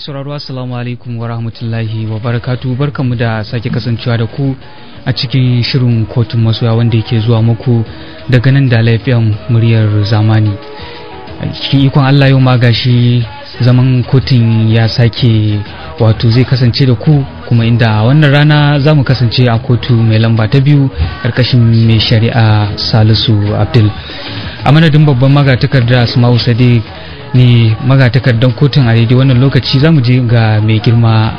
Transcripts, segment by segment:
mai sauraro assalamu alaikum wa rahmatullahi wa barakatu barkanmu da sake kasancewa da ku a cikin shirin kotun masoya wanda yake zuwa muku daga nan da lafiyan muryar zamani cikin ikon Allah yau ma gashi zaman kotun ya sake wato zai kasance da ku kuma inda wannan rana za mu kasance a kotu mai lamba ta biyu karkashin mai shari'a salisu abdul a madadin babban magatakarda asma'u sadiq ne magatakardan kotun a daidai wannan lokaci za mu je ga mai girma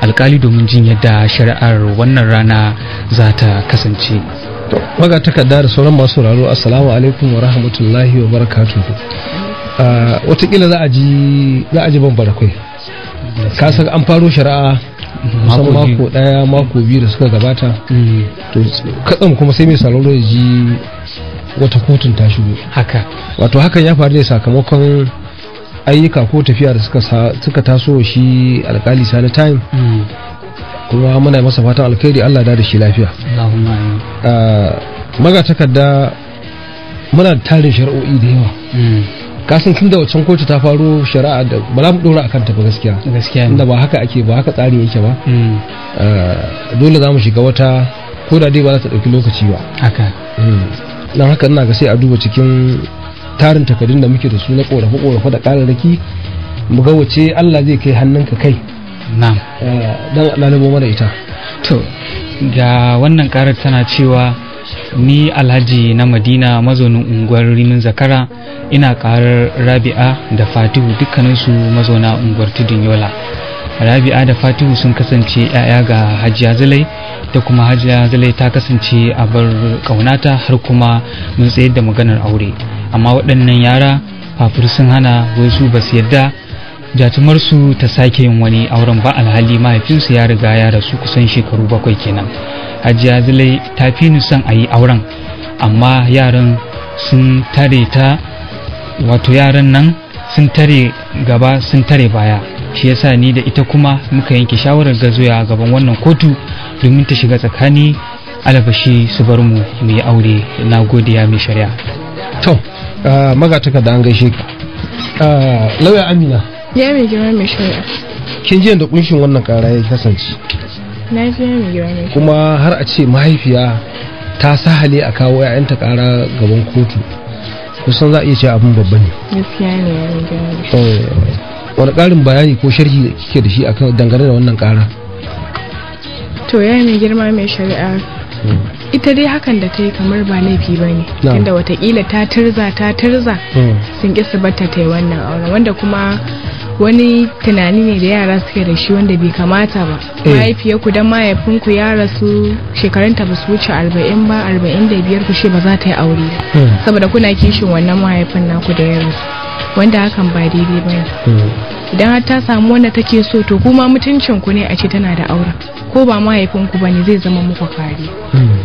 alkali domin jin yadda shari'ar wannan rana za ta kasance magatakarda da sauran masu raro assalamu alaikum wa rahmatullahi wa barakatu watakila za a ji ban barakwai san an faro shari'a musamman mako daya mako biyu da suka gabata mm. to katsam kuma sai mai salon ya ji wata kotun ta shigo haka wato hakan ya faru ne sakamakon ayyuka ko tafiya da suka taso shi alkali sani time hmm. kuma muna masa fatan alkhairi allah da da shi lafiya ah, maga takarda muna da tarin shari'o'i da yawa hmm. kasan tun da wancan kotu ta faru shari'a da ba za mu dora a ta ba gaskiya inda ba haka ake ba haka tsarin yake ba hmm. ah, dole za mu shiga wata ko da dai ba za ta ɗauki lokaci ba haka don haka ina ga sai a duba cikin tarin takardun da muke da su na korafe korafi da kararraki mu ga wace Allah zai kai hannunka kai na'am eh, dan lalubo mara ita to ga wannan karar tana cewa ni alhaji na madina mazaunin unguwar rimin zakara ina karar rabi'a da fatihu dukkaninsu mazauna unguwar tudun yola rabi'a da fatihu sun kasance 'ya'ya ga hajiya zulai da kuma hajiya zulai ta kasance a bar kaunata har kuma mun tsayar da maganar aure amma waɗannan yara fafur sun hana wasu ba su yarda jatumarsu ta sake yin wani auren ba alhali mahaifinsu ya riga ya rasu kusan shekaru bakwai kenan hajiya zulai ta fi ni son a yi auren amma yaran sun tare ta wato yaran nan sun tare gaba sun tare baya shi yasa ni da ita kuma muka yanke shawarar gazoya zuya gaban wannan kotu domin ta shiga tsakani alabashi su bar mu mu yi aure na godiya mai shari'a to ah, magataka da an gaishe ka ah, lauya amina ya mai girma mai shari'a kin ji yadda kunshin wannan kara ya kasance na ji mai girma mai kuma har a ce mahaifiya ta sahale a kawo 'ya'yanta kara gaban kotu kusan za a iya ce abin babba ne gaskiya ne ya mai girma wani ƙarin bayani ko sharhi da kike da shi akan dangane da wannan ƙara to ya mai girma mai shari'a hmm. ita dai hakan da ta yi kamar ba laifi ba ne inda watakila ta turza ta turza hmm. sun ƙi su bata ta yi wannan auren wanda kuma wani tunani ne da yara suke da shi wanda bai kamata ba eh. mahaifiyar ku dan mahaifin ku ya rasu shekarunta ba su wuce arba'in ba arba'in da biyar ku shi ba za ta yi aure hmm. saboda kuna kishin wannan mahaifin naku da ya rasu wanda hakan ba daidai ba ne hmm. idan har ta samu wanda take so to kuma mutuncin ku ne a ce tana da aure. ko ba mahaifinku ba ne zai zama muku kare hmm.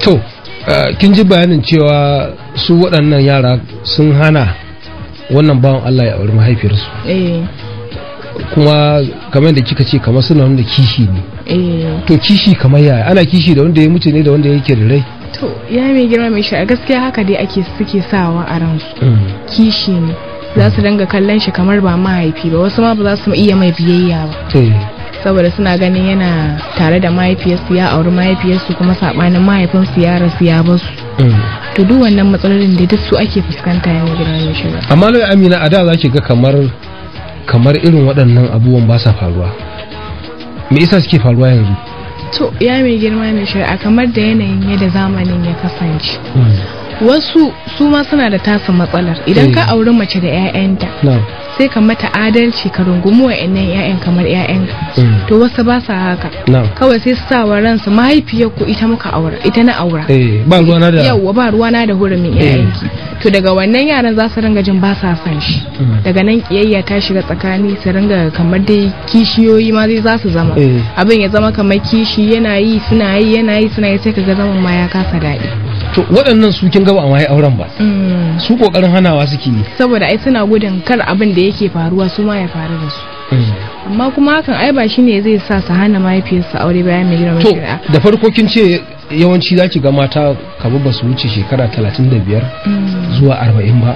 to uh, kin ji bayanin cewa su waɗannan yara sun hana wannan bawan Allah ya auri mahaifiyarsu eh. kuma kamar da kika ce kamar suna wanda kishi ne eh. to kishi kamar yaya ana kishi da wanda ya mutu ne da wanda yake da rai to ya mai girma mai shi a gaskiya haka dai ake suke sawa a ransu mm. kishi ne za su dinga kallon shi kamar ba mahaifi ba wasu ma ba za su iya mai biyayya ba saboda suna ganin yana tare da mahaifiyarsu ya auri mahaifiyarsu kuma sabanin mahaifinsu ya rasu ya basu mm. to duk wannan matsalolin da duk su ake fuskanta ya mai girma mai shiga amma lai amina a da za ki ga kamar irin waɗannan abubuwan ba sa faruwa me isa suke faruwa yanzu to ya mai girma mai shari'a kamar da yanayin yadda zamanin ya kasance hmm. wasu su ma suna da tasa matsalar idan ka eh. auri mace da 'ya'yanta sai ka mata adalci ka rungumi wa'annan 'ya'yan kamar 'ya'yan eh. to wasu ba sa haka kawai sai su sawa ransu mahaifiyar ku ita muka aura ita na aura eh, ba ruwana da ba ruwana da hurumin 'ya'yanki to daga wannan yaran za su ringa jin ba sa san shi hmm. daga nan kiyayya ta shiga tsakani su ringa kamar dai kishiyoyi ma zai za su zama abin ya zama kamar kishi yana yi suna yi yana yi suna yi sai ka ga zaman ma ya kasa daɗi to waɗannan su kin gaba amma auren ba mm. su kokarin hanawa suke yi saboda ai suna gudun kar abin da yake faruwa su ma ya faru da su mm. amma kuma hakan ai ba shine zai sa su hana mahaifiyarsa aure bayan mai girma To da farko kin ce yawanci za ki ga mata kamar ba su wuce shekara talatin da biyar mm. zuwa arba'in ba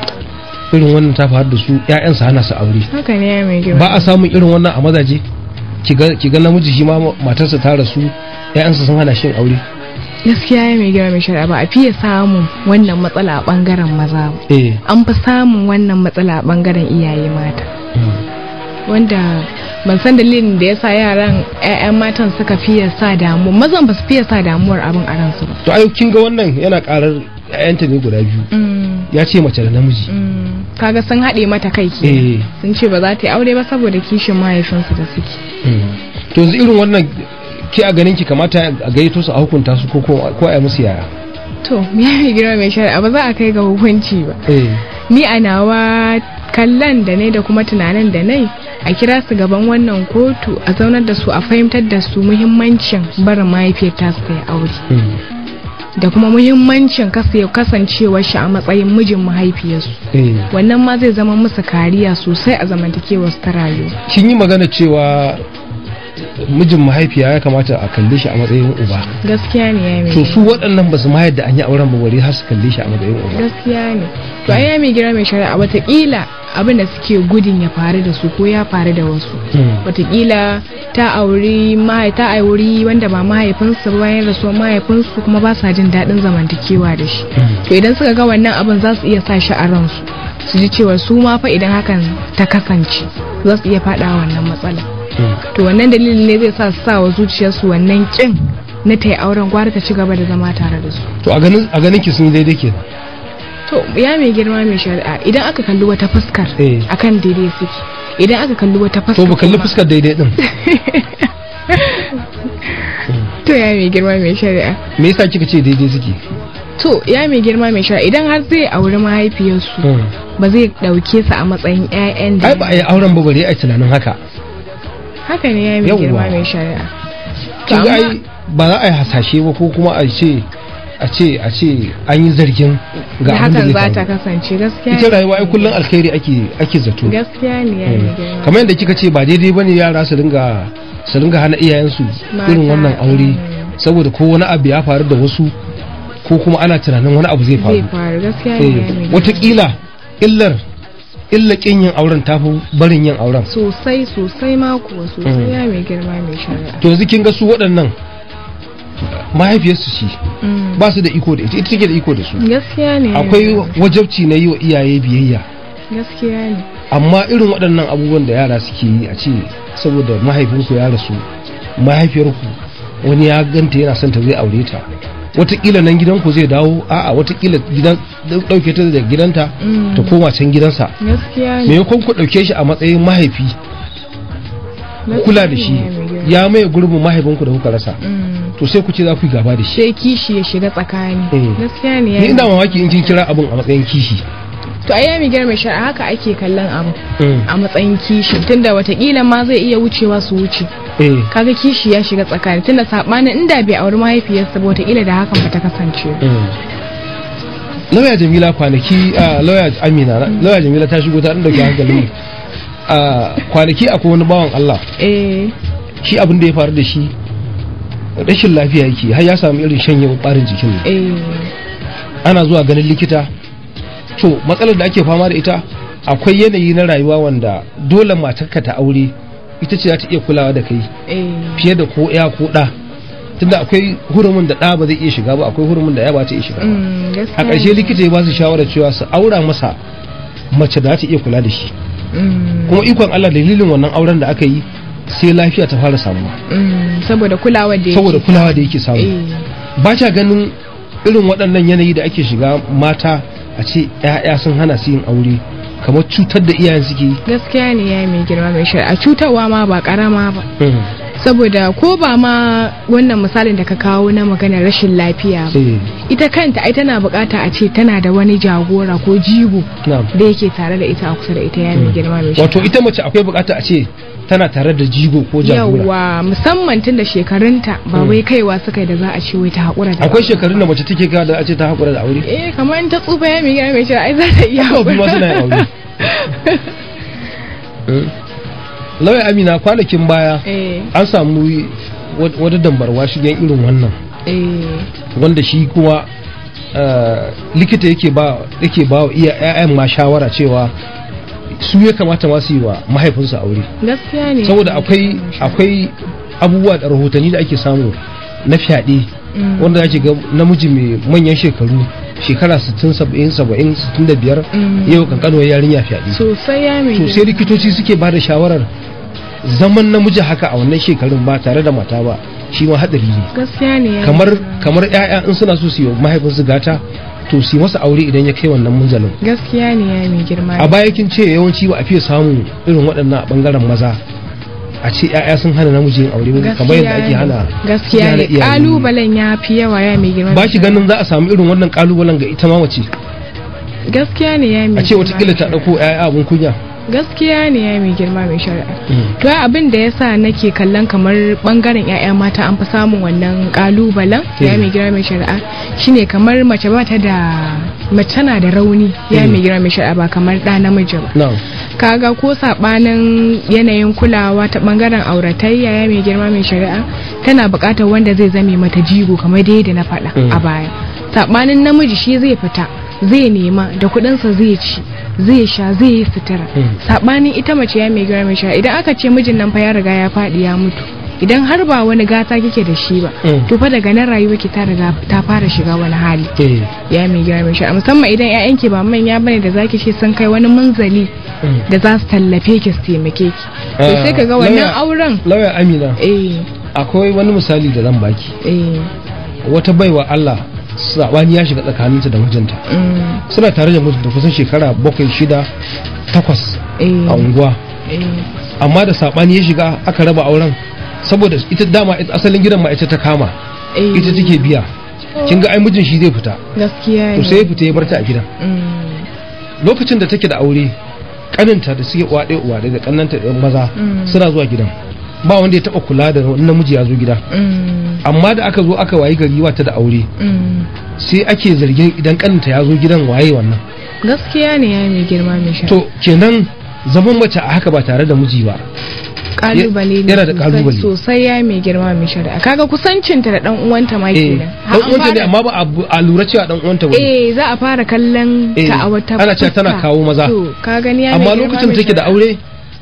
irin wannan ta faru da su 'ya'yansa hana su aure haka ne mai girma ba a samun irin wannan a mazaje ki ga namiji shi ma matarsa ta rasu 'ya'yansa sun hana shin aure gaskiya ya mai gaba mai shari'a ba a fiye samun wannan matsala a bangaren maza ba eh. an fi samun wannan matsala a bangaren iyaye mata hmm. wanda ban san dalilin da ya sa yaran 'ya'yan matan suka fiye sa damu mazan ba su fiye sa damuwar abin a ransu ba to kin kinga wannan yana karar ta ne guda biyu hmm. ya ce mace da namiji hmm. kaga sun haɗe mata kai ke eh. sun ce ba za ta yi aure ba saboda kishin mahaifinsu da suke to yanzu irin wannan ke a ganin ki kamata a gaito su a hukunta su ko ko a musu yaya to me ya girma mai shari'a ba za a kai ga hukunci ba eh. ni a nawa kallon da ne da kuma tunanin da nai a kira su gaban wannan kotu a zaunar da su a fahimtar da su muhimmancin bar mahaifiyar ta su kai aure hmm. da kuma muhimmancin kasancewar shi a matsayin mijin mahaifiyarsu eh. wannan ma zai zama musu kariya sosai a zamantakewar ta rayuwa kin yi magana cewa mijin mahaifiya ya kamata a kalle shi a matsayin uba gaskiya ne ya mai to su waɗannan ba su mayar da an yi auren bawari har su kalle shi a matsayin uba gaskiya ne to ai ya mai gira mai shari'a watakila abin da suke gudun ya faru da su ko ya faru da wasu hmm. watakila ta auri ta wanda ba mahaifinsu ba bayan rasuwar mahaifinsu kuma ba sa jin daɗin zamantakewa da shi hmm. to idan suka ga wannan abin za su iya sa shi a ransu su ji cewa su ma fa idan hakan ta kasance za su iya faɗa wannan matsala to wannan dalilin ne zai sa su sa wa zuciyarsu wannan kin na ta yi auren gwara ta ci gaba da zama tare da su to a ganin ki sun yi daidai ke to ya mai girma mai shari'a idan aka kalli wata fuskar eh. akan daidai suke idan aka kalli wata fuskar to ba kalli fuskar daidai din to ya mai girma mai shari'a me yasa kika ce daidai suke to ya mai girma mai shari'a idan har zai auri mahaifiyarsu hmm. ba zai dauke su a matsayin ƴaƴan da ai ba a yi auren ba bare a tunanin haka haka ne ya yi mai girma mai shari'a za ga ai ba za a yi hasashe ba ko kuma a ce a ce a ce an yi zargin ga abin da hakan za ta kasance gaskiya ita rayuwa ai kullun alkhairi ake ake zato gaskiya ne ya eh, girma kamar yadda kika ce ba daidai bane yara su ringa su ringa hana iyayensu irin wannan aure saboda ko wani abu ya faru da wasu ko kuma ana tunanin wani abu zai faru eh, wataƙila illar illa kin yin auren tafi barin yin auren sosai sosai ma kuwa sosai mm. ya mai girma mai shari'a to yanzu kin ga su waɗannan mahaifiyarsu ce mm. ba su da iko da ita ita take da iko da su gaskiya ne akwai wajabci na yi wa iyaye biyayya gaskiya ne amma irin waɗannan abubuwan da yara suke yi a ce saboda mahaifinku ya rasu mahaifiyarku wani ya ganta yana son ta zai aure ta watakila nan gidanku zai dawo a'a watakila gidan dauke ta daga gidanta mm. ta koma can gidansa me kun ku dauke shi a matsayin mahaifi kula da shi ya maye gurbin mahaifinku da kuka rasa mm. to sai ku ce za ku yi gaba da shi sai kishi ya shiga tsakani mm. gaskiya ne ni ina mamaki in kin kira abin a matsayin kishi to ai ya mi girma shari'a haka ake kallon abu hmm. a matsayin kishi tunda watakila ma zai iya wucewa su wuce eh. kaga kishi ya shiga tsakani tunda sabanin inda bai auri mahaifiyarsa ba watakila da hakan ba ta kasance hmm. lauya jamila kwanaki lauya amina lauya jamila ta shigo ta hankali hankalin kwanaki akwai wani bawan Allah eh. shi abin da ya faru da shi rashin lafiya yake har ya samu irin shanyewar ɓarin jikin eh. ana zuwa ganin likita to matsalar da ake fama da ita akwai yanayi na rayuwa wanda dole matarka ta aure ita ce za ta iya kulawa da kai eh. fiye da ko ya ko da tunda akwai hurumin da ɗa ba zai iya shiga ba akwai hurumin da ya ba ta iya shiga ba mm, a ƙarshe likita ya ba su shawara cewa su aura masa mace da za ta iya kula da shi mm. kuma ikon Allah dalilin wannan auren da aka yi sai lafiya ta fara samuwa mm, saboda kulawa da saboda kulawa da yake samu eh. ba ta ganin irin waɗannan yanayi da ake shiga mata a ce 'ya'ya sun hana su yin aure kamar cutar da iyayen suke gaskiya ne ya mai girma mai shari'a cutarwa ma ba karama ba hmm. saboda ko ba ma wannan misalin da ka kawo na maganar rashin lafiya eh. ita kanta ai tana bukata a ce tana da wani jagora ko jigo da yake tare da ita a kusa da ita yana hmm. girma mai wato ita mace akwai bukata a ce tana tare da jigo ko jagora yawa musamman tun da shekarunta ba hmm. wai kaiwa suka da za a ce wai ta haƙura da akwai shekarun da mace take ga da a ce ta haƙura da aure eh kamar ta tsufa ya mai girma mai cewa ai za ta iya haƙura lauya amina kwanakin baya eh. an samu wata dambarwa shigen irin wannan eh. wanda shi kuma eh, likita yake ba wa iya ayan ma shawara cewa su ya kamata masu yi wa mahaifinsu aure gaskiya saboda akwai akwai abubuwa da rahotanni da ake samu na fyaɗe mm. wanda ake ga namiji mai manyan shekaru shekara 60 70 65 biyar. Mm. yau kankanuwar yarinya fyaɗe sosai ya mai sosai rikitoci suke ba da shawarar zaman namiji haka a wannan shekarun ba tare da mata ba shi ma hadari ne gaskiya ne kamar kamar ƴaƴa in suna so su yi mahaifinsu gata to su masa aure idan ya kai wannan munzalin gaskiya ne ya mai girma a baya kin ce yawanci ba a fiye samun irin waɗannan a ɓangaren maza a ce ya'ya sun hana namiji yin aure kamar yadda ake hana gaskiya ne kalubalen ya fi yawa ya mai girma ba shi ganin za a samu irin wannan kalubalen ga ita ma gaskiya ne ya mai a ce wata kila ta dauko ya'ya abun kunya gaskiya ne ya mai girma mai shari'a to mm. abin da yasa nake kallon kamar bangaren yaya mata an fi samun wannan kalubalen ya mm. mai girma mai shari'a shine kamar mace ba ta da mace na da rauni ya mm. mai girma mai shari'a ba kamar da namiji ba kaga ko sabanin yanayin kulawa ta bangaren auratayya ya mai girma mai shari'a tana bukatar wanda zai zame mata jigo kamar da na faɗa a baya sabanin namiji shi zai fita zai nema da kuɗinsa zai ci zai sha zai yi sutura hmm. sabanin ita mace ya mai gara mai sha idan aka ce mijin nan fa ya riga ya faɗi ya mutu idan har ba wani gata kike da shi ba hmm. to fa daga nan rayuwa ki ta riga ta fara shiga wani hali hmm. ya mai gyara mai sha musamman idan ƴaƴan ki ba manya bane da zaki ce sun kai wani munzali da za su tallafe ki su taimake ki to eh, sai kaga wannan auren lauya amina eh akwai wani misali da zan baki eh wata baiwa Allah sabani ya shiga ta da mijinta mm. suna tare da da kusan shekara bakwai shida takwas eh. a unguwa eh. amma da sabani ya shiga aka raba auren saboda ita dama asalin gidan ma ita ta kama eh. ita take biya kin ga ai mijin shi zai fita gaskiya to sai ya fita ya barta a gidan mm. lokacin da take da aure kaninta da suke kwaɗe uwa da kannanta da maza mm. suna zuwa gidan ba wanda ya taba kula da namiji ya zo gida mm. amma da aka zo aka wayi gari wata da aure mm. sai ake zargin idan kaninta ya zo gidan waye wannan gaskiya ne ya mai girma mai sha to kenan zaman mace a haka ba tare da miji ba kalubale ne yana da kalubale sosai ya mai girma mai shari'a kaga kusancinta da dan uwanta ma eh, kenan dan uwanta ne amma ba a lura cewa dan uwanta ba eh za a fara kallon ta a eh, wata ana cewa tana kawo maza to ka gani ya amma lokacin take da aure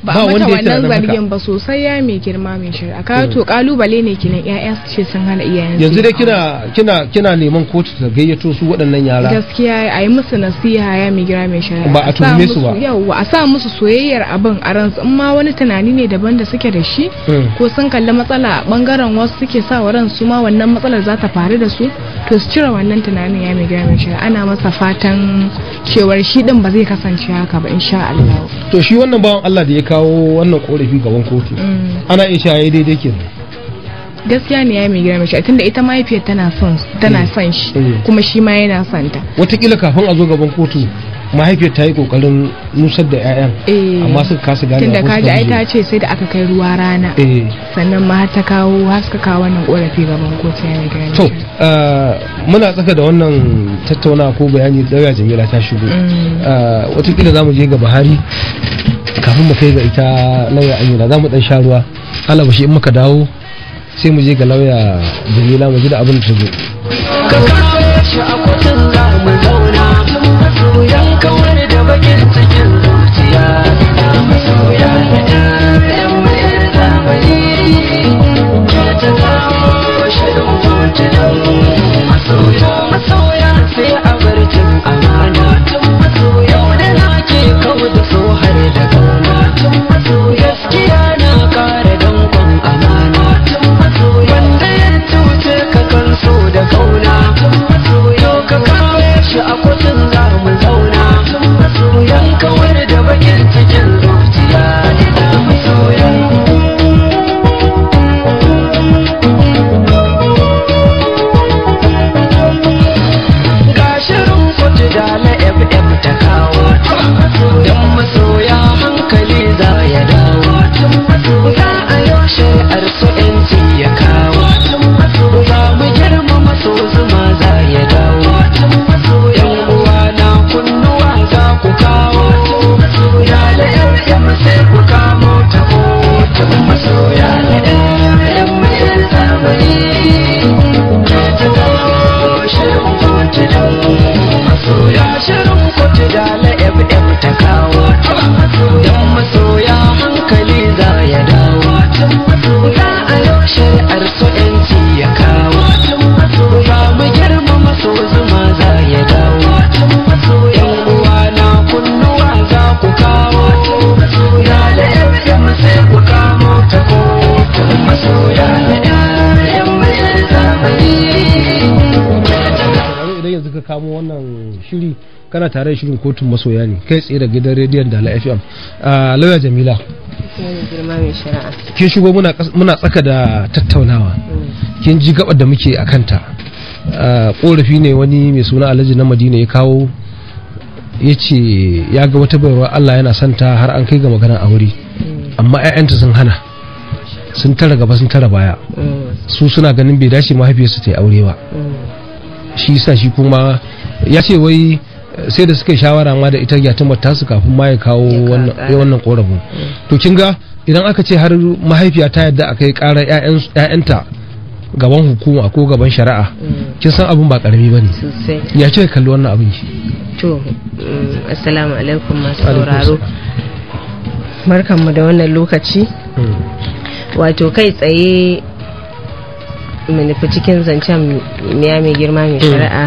ba a mata wannan zargin ba sosai ya mai girma mai shari'a ka hmm. to kalubale ne kinan yaya su ce sun hana iyayen yanzu dai kina kina kina neman kotu ta gayyato su waɗannan yara gaskiya a yi musu nasiha ya mai girma mai shari'a ba a tuhume su ba yawa a sa musu soyayyar abin a ransu in ma wani tunani ne daban da suke da shi hmm. ko sun kalli matsala a bangaren wasu suke sa wa ransu ma wannan matsalar za ta faru da su to su cire wannan tunanin ya mai girma mai shari'a ana masa fatan cewar shi din ba zai kasance haka ba insha Allah to shi wannan bawan Allah da ya kawo kawo wannan korafin gaban kotu mm. ana iya shaye daidai kenan gaskiya ne ya mai gina mace tunda ita mahaifiyar tana son tana mm. son shi mm. kuma shi ma yana son ta watakila kafin a zo gaban kotu mahaifiyar ta yi kokarin nusar da 'ya'yan eh. amma suka kasa gane tunda kaji ai ta ce sai da aka kai ruwa rana eh. sannan ma ta kawo har kawo wannan korafi gaban kotu ya mai gina to eh, muna tsaka da wannan tattauna ko bayani daga jamila ta shigo watakila za mu je ga buhari kafin mu kai ga ita lauya amina za mu dan sha ruwa ba shi in muka dawo sai mu je ga lauya jamila mu ji da abin da ta a amana tun masoya da kawo da sun maso gaskiya kana tare da shirin kotun masoya ne kai tsaye da gidan rediyon da FM lauya Jamila kin shigo muna tsaka da tattaunawa mm. kin ji gaba da muke a kanta korafi ne wani mai suna alhaji na madina ya kawo ya ce ya ga wata baiwa Allah yana santa har an kai ga magana a wuri mm. amma 'ya'yanta sun hana sun tara gaba sun tara baya mm. su suna ganin bai dace mahaifiyarsu ta yi aure ba shi sa shi kuma ya ce wai sai da suka shawara ma da ita yatimar su kafin ma ya kawo wannan korafin to kin ga idan aka ce har mahaifiya ta yadda aka yi ƙarar 'ya'yanta gaban hukuma ko gaban shari'a mm. kin san abin ba karami ne ya ce kalli wannan abin shi to mm, assalamu alaikum masu sauraro barkanmu da wannan lokaci mm. wato kai tsaye mu nufi cikin zancen miya mai girma mai shari'a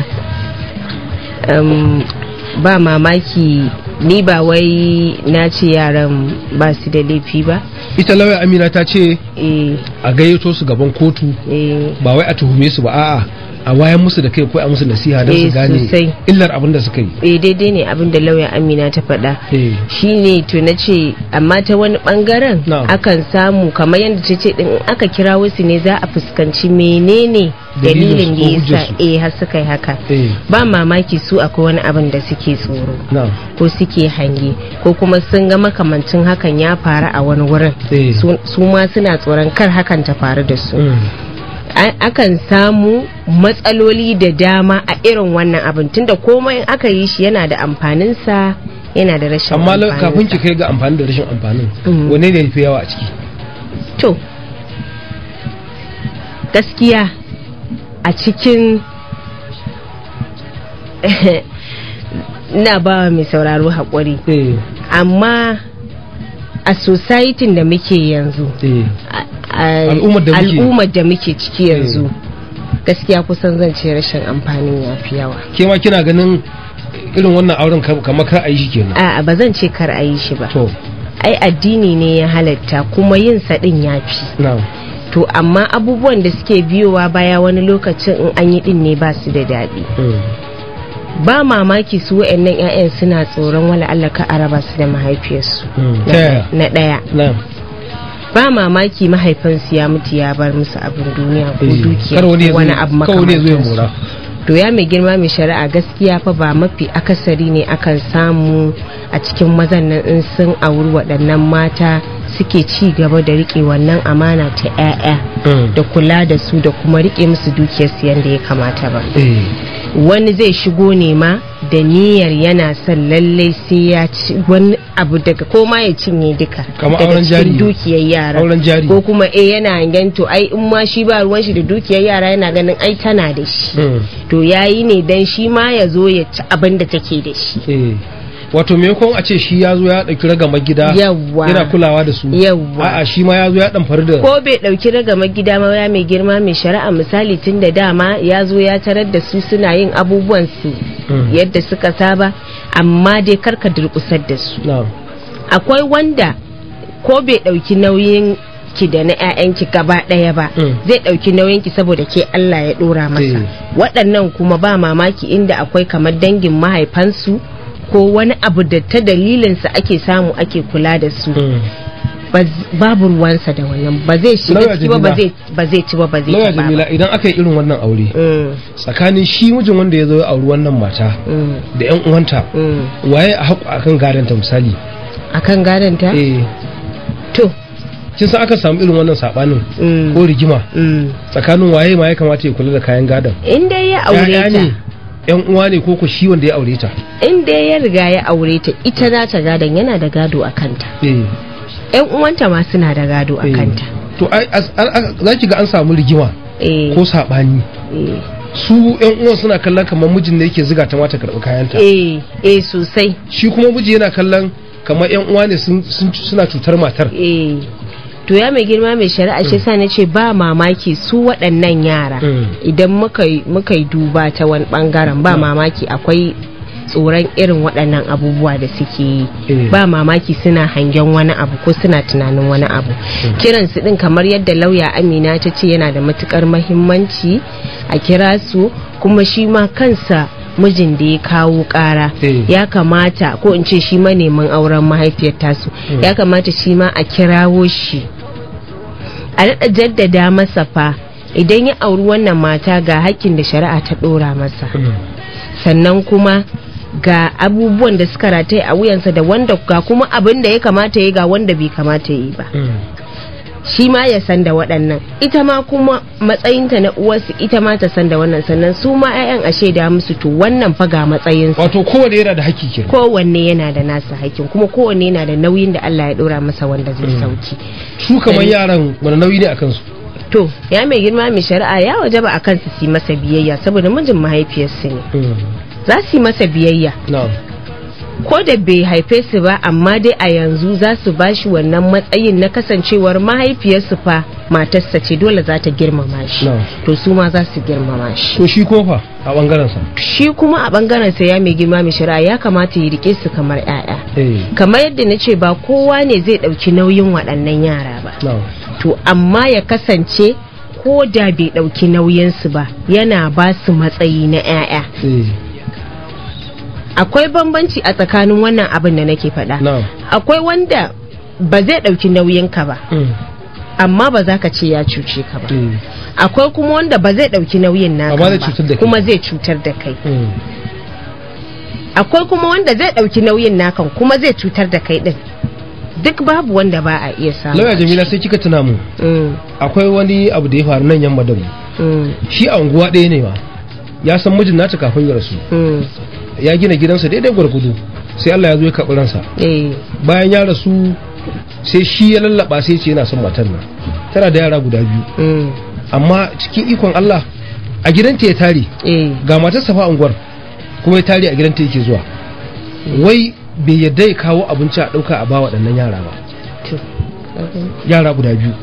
ba mamaki ni ba wai na ce yaran ba su da laifi ba ita lauya amina ta ce eh. a gayyato su gaban kotu eh. ba wai a tuhume su ba a'a a wayan musu da kai ko a musu nasiha don su eh, gane illar abin da suka yi eh daidai ne abin da lauya amina ta faɗa eh. shine to na ce amma ta wani bangaren akan samu kamar yadda ta ce din aka kira wasu ne za a fuskanci menene dalilin da yasa eh har suka yi haka eh. ba mamaki su akwai wani abin da suke tsoro ko suke hange ko kuma sun ga makamancin hakan ya faru a wani wurin su ma suna tsoron kar hakan ta faru da su mm. akan samu matsaloli da dama a irin wannan abin tunda komai aka yi shi yana da amfaninsa yana da rashin amfaninsa amma kafin ki kai ga amfani da rashin amfanin mm. wane ne fi yawa a ciki to gaskiya a cikin na ba mai sauraro haƙuri eh. amma a society da muke yanzu eh. al'ummar da muke ciki eh. yanzu gaskiya kusan zan ce rashin amfanin ya fi yawa ke ma kina ganin irin wannan auren kamar kar a yi shi kenan a ba zan ce kar a yi shi ba To. ai addini ne ya halatta kuma yin sa din ya fi to amma abubuwan da suke biyowa baya wani lokacin in an yi din ne ba su da daɗi mm. ba mamaki su wa'annan 'ya'yan suna tsoron wala Allah ka araba su da mahaifiyarsu hmm. na ɗaya ba mamaki mahaifansu ya mutu ya bar musu abin duniya ko eh. dukiya wani abu makamantarsu to ya mai girma mai shari'a gaskiya fa ba mafi akasari ne akan samu a cikin mazan nan in sun auri waɗannan mata suke ci gaba da rike wannan amana ta 'ya'ya mm. da kula da su da kuma rike musu dukiyar su yadda ya kamata ba eh. wani zai shigo ne ma da niyyar yana son lallai sai ya ci wani abu daga ko ma ya cinye duka daga cikin dukiyar yara ko kuma eh yana ganto ai in ma shi ba ruwan shi da dukiyar yara yana ganin ai tana da shi mm. to yayi ne dan shi ma ya zo ya ci abin da take da shi eh. wato maimakon a ce shi ya zo ya dauki ragama gida yana kulawa da su a'a shi ma ya zo ya damfari da ko bai dauki ragama gida ma ya mai girma mai shari'a misali tun da dama ya zo ya tarar da su suna yin abubuwan su mm. yadda suka saba amma dai karka durkusar da su akwai wanda ko bai ɗauki nauyin ki da na 'ya'yanki gaba ɗaya ba mm. zai ɗauki nauyin ki saboda ke Allah ya ɗora masa eh. waɗannan kuma ba mamaki inda akwai kamar dangin mahaifansu ko wani abu da ta dalilinsa ake samu ake kula da su hmm. babu ruwansa da wannan ba zai shiga ciki ba ba zai ci ba ba zai ci ba idan aka yi irin wannan aure hmm. tsakanin shi mijin wanda ya zo ya auri wannan mata hmm. da yan uwanta waye a haƙu akan ta misali akan gadanta eh to kin san aka samu irin wannan sabanin ko rigima tsakanin waye ma ya kamata ya kula da kayan gadon in dai ya aure ta yan uwa ne ko shi wanda ya aure ta in dai ya riga ya aure ta ita za ta gadon yana da gado a kanta eh. yan uwanta ma suna da gado a eh. kanta to za ki ga an samu rigima eh. ko saɓani su yan uwan suna kallon kamar mijin ne yake ziga ta mata karɓi kayanta eh eh sosai shi kuma miji yana kallon kamar yan uwa ne suna cutar matar to ya mai girma mai shari'a shi mm. sa ce ba mamaki su waɗannan yara mm. idan muka yi duba ta wani ɓangaren ba mm. mamaki akwai tsoron irin waɗannan abubuwa da suke yi ba mamaki suna hangen wani abu ko suna tunanin wani abu kiran su ɗin kamar yadda lauya amina ta ce yana da matukar mahimmanci a kira su kuma shi ma kansa mijin da ya kawo kara ya kamata ko in ce shi manemin auren mahaifiyar tasu ya kamata shi ma a kirawo shi a daɗa jaddada masa fa idan ya auri wannan mata ga hakkin da shari'a ta ɗora masa hmm. sannan kuma ga abubuwan da suka rataye a wuyansa da wanda ga kuma abin da ya kamata ya ga wanda bai kamata ya yi ba hmm. shi ma ya san da waɗannan ita ma kuma matsayinta na uwarsu ita ma ta san da wannan sannan su ma 'ya'yan a shaida musu to wannan fa ga matsayin wato kowanne yana da haƙƙi kenan kowanne yana da nasa haƙƙin kuma kowanne yana da nauyin da Allah ya ɗora masa wanda zai hmm. sauki su kamar yaran wani nauyi ne akan su to ya mai girma mai shari'a ya wajaba akan su su masa biyayya saboda mijin mahaifiyarsu ne hmm. za su yi masa biyayya ko da bai haife su ba amma dai a yanzu za su ba shi wannan matsayin na kasancewar mahaifiyarsu fa matarsa ce dole za ta girmama shi to su ma za su girmama shi to shi kofa a bangarensa. shi kuma a bangarensa ya mai girma mai shari'a ya kamata ya rike su kamar yaya eh. kamar yadda na ce ba kowa ne zai ɗauki nauyin waɗannan yara ba to amma ya kasance ko da bai ɗauki nauyinsu ba yana ba su matsayi na yaya akwai bambanci a tsakanin wannan abin da nake faɗa akwai wanda ba zai ɗauki ka ba mm. amma ba za ka ce ya cuce ka ba mm. akwai kuma wanda ba zai ɗauki nauyin na ba kuma zai cutar da kai mm. akwai kuma wanda zai ɗauki nauyin nakan kuma zai cutar da kai ɗin duk babu wanda ba a iya samu lauya jamila sai kika tuna mu akwai wani abu da ya faru nan yamma da mu shi a unguwa ɗaya ne ma ya san mijin nata kafin ya rasu ya gina gidansa daidai gwargudu sai Allah ya zo ya karɓi ransa eh. bayan ya rasu sai shi ya lallaba sai ce yana son matar nan tana da yara guda biyu mm. amma cikin ikon Allah a gidanta ya tare eh. ga matarsa fa unguwar kuma ya tare a gidanta yake zuwa wai bai yadda ya kawo abinci a ɗauka a ba waɗannan yara ba yara guda biyu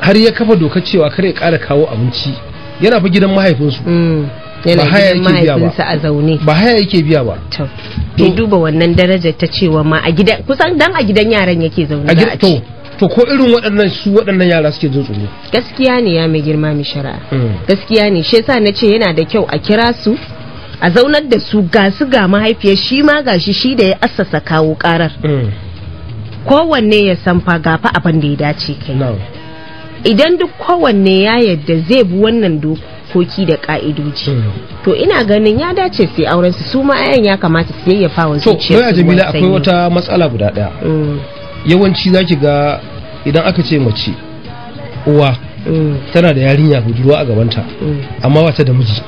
har ya kafa doka cewa kar ya kara kawo abinci yana fi gidan mahaifinsu mm. yana gidan mahaifinsa a zaune ba haya yake biya ba to duba wannan daraja ta cewa ma a gidan kusan dan a gidan yaran yake zaune za a ci to ko irin waɗannan su waɗannan yara suke zo tsoro gaskiya ne ya mai girma mai shari'a mm. gaskiya ne shi yasa na ce yana da kyau a kira su a zaunar da su ga su ga mahaifiyar shi ma gashi shi da ya assasa kawo karar mm. kowanne ya san fa gafa abin da ya dace kai idan duk kowanne ya yadda zai bi wannan doka dokoki da ka'idoji hmm. to ina ganin ya dace sai auren su su ma'ayan ya kamata su yayyafa wa zuciyar su jamila akwai wata matsala guda daya hmm. yawanci zaki ga idan aka ce mace uwa hmm. tana da yarinya budurwa a gabanta amma wata da miji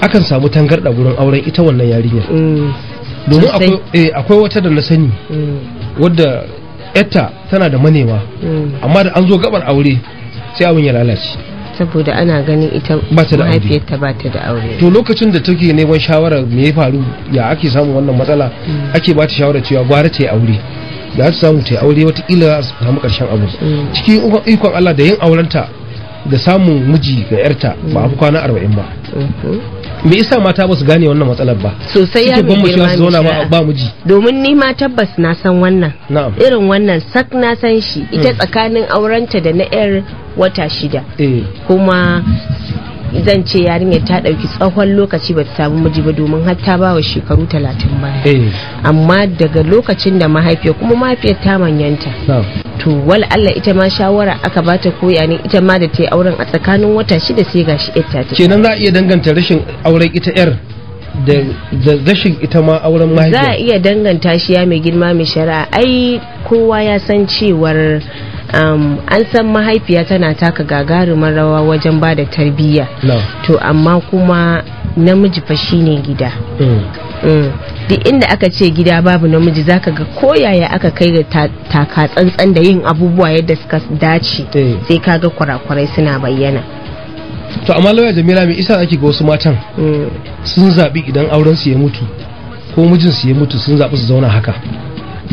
akan samu tangarɗa gurin auren ita wannan yarinya domin eh, akwai wata da na sani wadda yatta tana da manewa amma da an zo gabar aure sai abin ya lalace saboda ana ganin ita mahaifiyarta ba ta da aure to lokacin da take neman shawara me ya faru ya ake samun wannan matsala mm. ake ba ta shawara cewa gwara ta yi aure da ta samu ta yi aure wata su samu karshen abu mm. cikin ikon Allah da yin aurenta da samun miji ga yarta ba a kwana arba'in ba mm-hmm. me yasa mata ba su gane wannan matsalar ba sosai ya ban mu shi su zauna ba ba miji domin ni ma tabbas na san wannan irin wannan sak na san shi ita hmm. tsakanin aurenta da na yar wata shida eh. kuma zan ce yarinyar ta ɗauki tsawon lokaci ba ta samu miji ba domin har ta ba wa shekaru talatin baya eh. amma daga lokacin da mahaifiyar kuma mahaifiyar ta manyanta to wal Allah ita ma shawara aka bata koya ne ita ma da ta yi auren a tsakanin wata shida sai gashi ɗaya ta kenan za a iya danganta rashin auren ita yar da rashin ita ma auren mahaifiya za a iya danganta shi ya mai girma mai shari'a ai kowa ya san cewar um, an san mahaifiya tana taka gagarumar rawa wajen ba da tarbiyya no. to amma kuma namiji fa shine gida mm. mm. duk inda aka ce gida babu namiji zaka ga koyaya aka kai ga taka tsantsan da yin abubuwa yadda suka dace mm. sai kaga kurakurai suna bayyana to amma lauya jamila mai isa ake ga wasu matan mm. sun zaɓi idan auren su ya mutu ko mijin su ya mutu sun zaɓi su zauna haka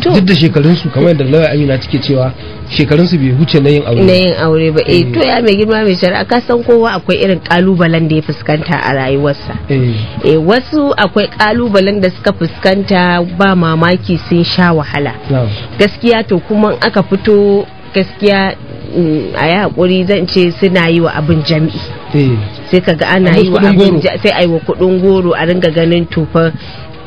duk da shekarun su kamar yadda lawyer amina take cewa shekarun su bai huce na yin aure na yin aure ba eh, eh to ya mai girma mai shari'a ka san kowa akwai irin kalubalen da ya fuskanta a rayuwarsa eh, eh wasu akwai kalubalen da suka fuskanta ba mamaki sun sha wahala gaskiya to kuma aka fito gaskiya mm, a yi hakuri zan ce suna yi wa abin jami'i eh. sai kaga ana yi wa abin sai a yi wa kudin goro a ringa ganin tufa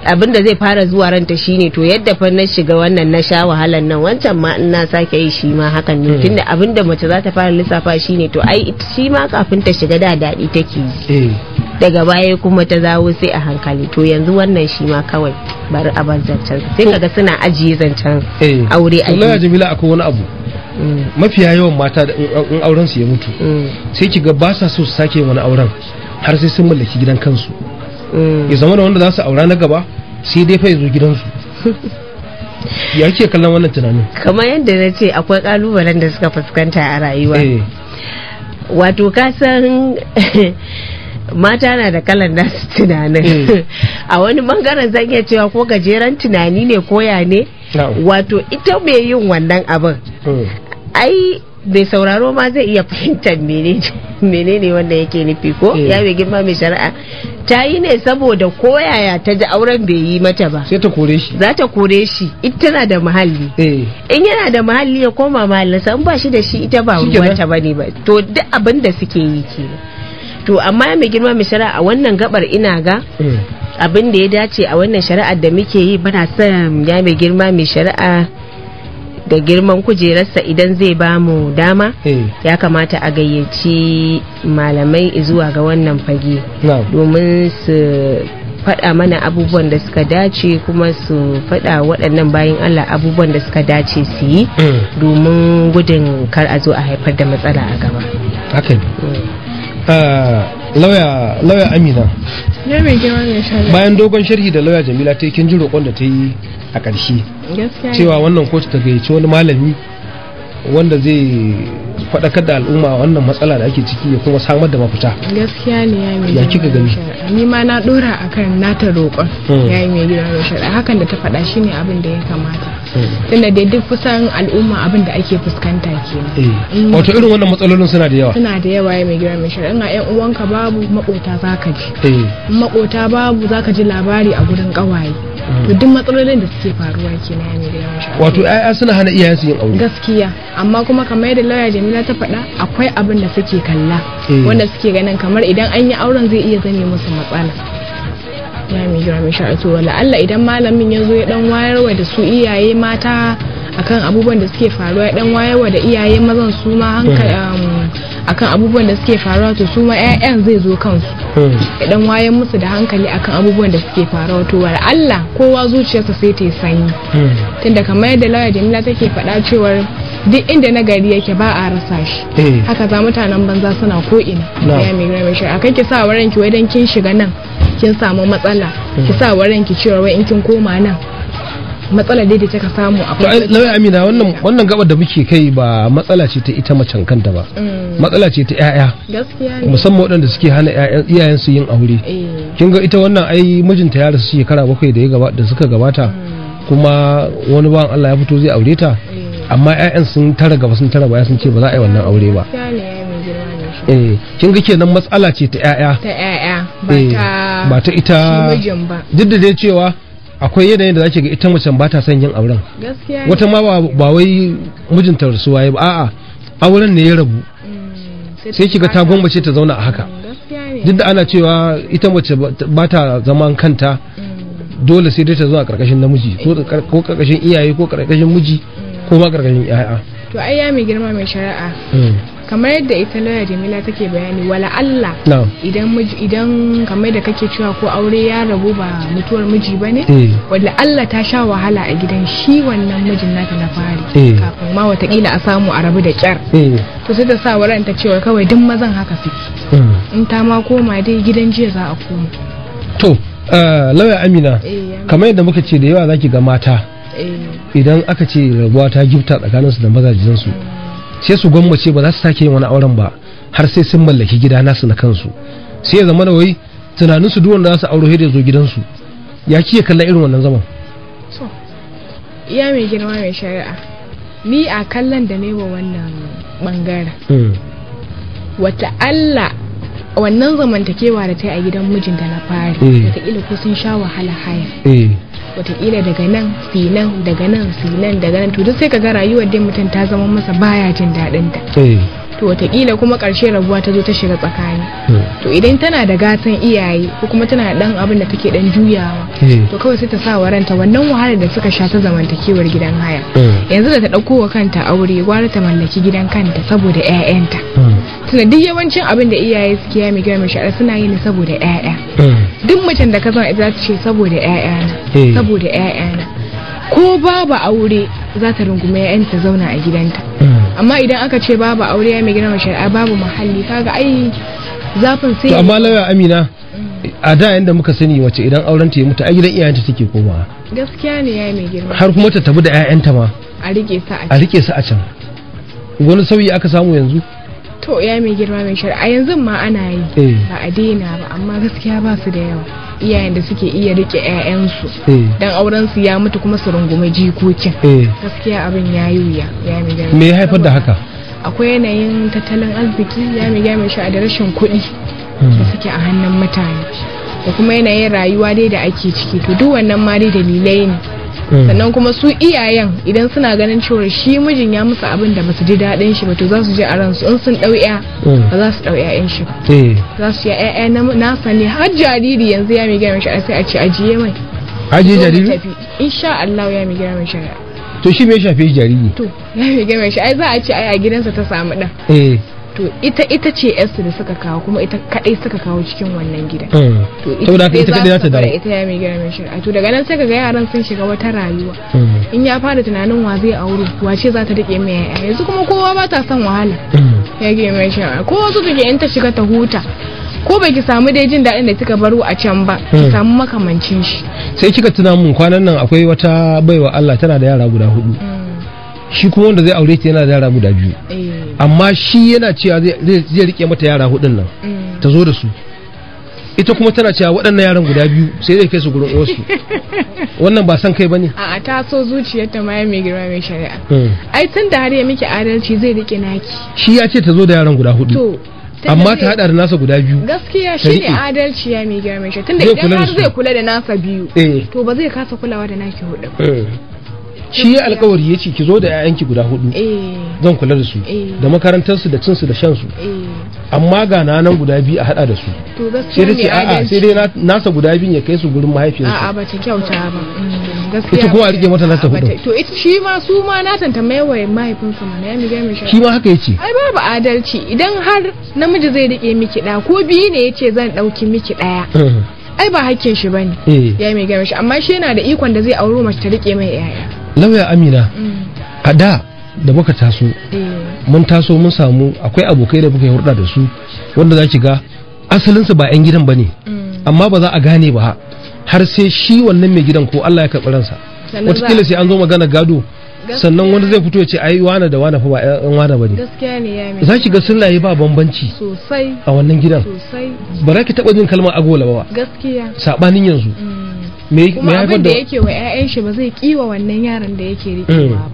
abin da zai fara zuwa ranta shine to yadda fa na shiga wannan na sha wahalan nan wancan ma in na sake yi shi ma hakan ne hmm. tunda abin da mace za ta fara lissafa shine to ai shi ma kafin ta shiga da daɗi take yi eh. daga baya kuma ta zawo sai a hankali to yanzu wannan shi ma kawai bari a bar zancen sai kaga suna ajiye zancen eh. aure a yi. Jamila akwai wani abu hmm. mafiya yawan mata da in auren su ya mutu hmm. sai kiga ba sa so su sake wani auren har sai sun mallaki gidan kansu. ya zama da wanda za su aura na gaba sai dai fa ya zo gidansu ya ke kallon wannan tunanin kamar yadda na ce akwai kalubalen da suka fuskanta a rayuwa eh. wato ka san mata na da kalan nasu tunanin eh. a wani bangaren zan iya cewa ko gajeren tunani ne koya ne wato ita mai yin wannan abin hmm. ai bai sauraro ma zai iya fahimtar menene wanda yake nufi ko eh. ya mai girma mai shari'a ta yi ne saboda koyaya ta ji auren bai yi mata ba sai ta kore shi za ta kore shi ita tana da muhalli eh. in yana da muhalli ya koma mahallinsa in ba shi da shi ita ba ruwanta ba ne ba to duk abin da suke yi ke. to amma mai girma mai shari'a a wannan gabar ina ga eh. abin da ya dace a wannan shari'a da muke yi bana son ya mai girma mai shari'a Da girman kujerarsa idan zai ba mu dama eh. ya kamata a gayyaci malamai zuwa ga wannan fage domin su faɗa mana abubuwan da suka dace kuma su faɗa waɗannan bayan Allah abubuwan da suka dace su yi mm. domin gudun kar a zo a haifar da matsala a gaba. lauya amina bayan dogon sharhi da lauya jamila ta yi kin ji roƙon da ta yi a ƙarshe cewa wannan kotu ta gayyaci wani malami wanda zai faɗakar da al'umma wannan matsala da ake ciki ya kuma samar da mafita gaskiya ya kika gani ni ma na dora akan nata roƙon hmm. ya yi mai gida da hakan da ta faɗa ne abin da ya kamata Hmm. tunda da duk kusan al'umma abin da ake fuskanta kenan hmm. wato irin wannan matsalolin suna da yawa suna da yawa ya mai gira mai shari'a yan uwanka babu makota zaka ji hmm. makota babu zaka ji labari a gurin kawaye to duk matsalolin da suke faruwa ke na ya mai gira mai shari'a wato ai suna hana su yin aure gaskiya amma kuma kamar yadda lauya Jamila ta faɗa akwai abin da suke kalla wanda suke ganin kamar idan an yi auren zai iya zame musu matsala ya mai jira mai sha'atu wala Allah idan malamin ya zo ya dan wayarwa da su iyaye mata akan abubuwan da suke faruwa ya dan wayarwa da iyaye mazan su ma hankali hmm. um, akan abubuwan da suke faruwa to su ma 'ya'yan zai zo kansu hmm. ya dan wayar musu da hankali akan abubuwan da suke faruwa to wala Allah kowa zuciyarsa sai ta yi sanyi hmm. tunda kamar yadda Lawyer Jamila take faɗa cewar duk inda na gari yake ba a rasa shi eh. haka za mutanen banza suna ko ina ya mai gami shi kan ki sa waran ki wadan kin shiga nan kin samu matsala hmm. ki sa waran ki cewa wai in kin koma nan matsala dai da ka samu a lawai amina wannan wannan da muke kai ba matsala ce ta ita macen kanta ba hmm. matsala ce ta yaya musamman waɗanda suke hana iyayen su yin aure eh. kin ga ita wannan ai mijinta ya rasu shekara bakwai da suka gabata hmm. kuma wani bawan Allah ya fito zai aure ta eh. amma 'ya'yan sun tara gaba sun tara baya sun ce ba za a yi wannan aure ba eh kin ga kenan matsala ce ta 'ya'ya eh, ta ba ta ita duk da dai cewa akwai yanayin da zaki ga ita mace ba ta son yin auren wata ma ba wai mijinta rasuwa ya ba a'a auren ne ya rabu mm, sai ki ga ta gwammace ta zauna a haka duk da ana cewa ita mace ba ta zaman kanta dole sai dai ta zo karkashin namiji ko karkashin iyaye ko karkashin miji ko ma karkashin iyaye to ai ya mai girma mai shari'a hmm. kamar yadda ita lawyer jamila take bayani wala Allah idan idan kamar da kake cewa ko aure ya rabu ba mutuwar miji bane ne hmm. wala Allah ta sha wahala a gidan shi wannan mijin nata na fari hmm. kafin ma watakila a samu a rabu da kyar to sai ta sa wa ta cewa kawai duk mazan haka fi in ta ma koma dai gidan jiya za a koma to Eh, lauya eh, amina kamar yadda muka ce da yawa zaki ga mata eh. idan aka ce rabuwa ta gifta tsakaninsu da mazajensu sai su gwammace ba za su sake yin wani auren ba har sai sun mallaki gida nasu na kansu sai ya zama da wai tunanin su duwan za su auro da zo gidansu ya kiye kalla irin wannan zaman iya mai girma mai shari'a ni a kallon da ne wa wannan bangaren hmm. wata Allah wannan zamantakewa da ta yi a gidan mijinta na fari mm. wataƙila ko sun sha wahala haya mm. wataƙila daga nan sinan daga nan sinan daga nan to duk sai ka ga rayuwar dai mutum ta zama masa baya jin daɗin ta mm. to wataƙila kuma ƙarshe rabuwa ta zo ta shiga tsakani to idan tana da gatan iyaye ko kuma tana da ɗan abin da take ɗan juyawa to kawai sai ta sa wa ranta wannan wahalar da suka sha ta zamantakewar gidan haya yanzu da ta ɗauko wa kanta aure gwara ta mallaki gidan kanta saboda 'ya'yanta tuna duk yawancin abin da iyaye suke ya mai gina shi suna yi ne saboda ƴaƴa hmm. duk macen da ka zama za ta ce saboda ƴaƴana hmm. saboda ƴaƴana ko babu aure za ta rungume ya'yan ta zauna a gidanta hmm. amma idan aka ce babu aure ya mai gina mai babu muhalli kaga ai zafin sai amma lawa amina a da yanda muka sani wace idan auren ta ya mutu a gidan iyayenta take komawa gaskiya ne ya mai girma har kuma ta tabu da ƴaƴanta ma a rike su a can wani sauyi aka samu yanzu to ya mai girma mai shari'a yanzu ma ana yi eh. ba a daina ba amma gaskiya ba su da yawa iyayen da suke iya rike 'ya'yansu eh. dan auren su ya mutu kuma su rungume jikokin eh. gaskiya abin ya yi wuya ya mai girma me haifar da haka akwai yanayin tattalin arziki ya mai girma mai shari'a da rashin kuɗi hmm. da suke a hannun mutane da kuma yanayin rayuwa dai da ake ciki to duk wannan ma dai dalilai ne Hmm. sannan kuma su iyayen idan suna ganin cewa shi mijin ya musu abin da basu ji daɗin shi ba to za su je a ransu in sun ɗau ya hmm. ba za su ɗau ya'yan shi ba eh. za su ya ya na sani har jariri yanzu ya mai gaya shari'a sai a ce ajiye mai ajiye jariri insha Allah ya mai gaya shari'a to shi me shafe jariri to ya mai gaya shari'a ai za a ce ai a gidansa ta samu ɗan eh. to ita ita ce yarsu da suka kawo kuma ita kadai suka kawo cikin wannan gida hmm. to ita ita za ta dawo ita ya mai gina mai shirya to daga nan sai ga yaran sun shiga wata rayuwa hmm. in ya fara tunanin wa zai wuri wace za ta rike mai yaya yanzu kuma kowa ba ta son wahala hmm. ya gina mai shirya Ko wasu suke in ta shiga ta huta ko bai ki samu dai jin daɗin da kika baro a can ba ki samu makamancin shi sai kika tuna mun kwanan nan akwai wata baiwa Allah tana da yara guda hudu shi kuma wanda zai aure ta yana da yara guda biyu eh. amma shi yana cewa zai rike mata yara hudun nan mm. ta zo da su ita kuma tana cewa waɗannan yaran guda biyu sai zai kai su gurin wasu wannan ba san kai bane a'a ta so zuciyarta ma mai girma mai shari'a mm. ai tun da har ya miki adalci zai rike naki shi ya ce ta zo da yaran guda hudu amma ta hada da nasa guda biyu gaskiya shi ne adalci ya mai girma mai shari'a da idan har zai kula da nasa biyu eh. to ba zai kasa kulawa da naki hudu shi ya alkawari ya ce ki zo da 'ya'yanki guda hudu eh. zan kula da su eh. da makarantarsu da cinsu da shan su. Eh. amma ga nan guda biyu a hada da su sai dai ce a'a sai dai nasa guda biyu ya kai su gurin mahaifiyarsa a'a ba ta kyauta ba gaskiya ita kuma a rike mata nasa hudu to ita shi ma su ma na tantamai wa mahaifinsa ma ya miga mai shi ma haka yace ai babu adalci idan har namiji zai rike miki da ko biyu ne yace zan dauki miki daya ai ba hakkin shi bane ya mai gami shi amma shi yana da ikon da zai auro mace ta rike mai yaya lauya amina mm. a da da muka taso eh. mun taso mun samu akwai abokai da muka yi hurɗa da su wanda za ki ga asalinsu ba 'yan gidan ba ne mm. amma ba za a gane ba har sai shi wannan mai gidan ko Allah ya karɓi ransa wataƙila sai an zo magana gado sannan wani zai fito ya ce ai wane da wane fa ba yan wane ba ne za ki ga sun layi ba bambanci a wannan gidan ba za ki taɓa jin kalmar agola ba saɓanin saɓanin yanzu mm. kuma me haifar da yake wa ƴaƴan shi ba zai kiwa wannan yaron da yake rikewa mm. ba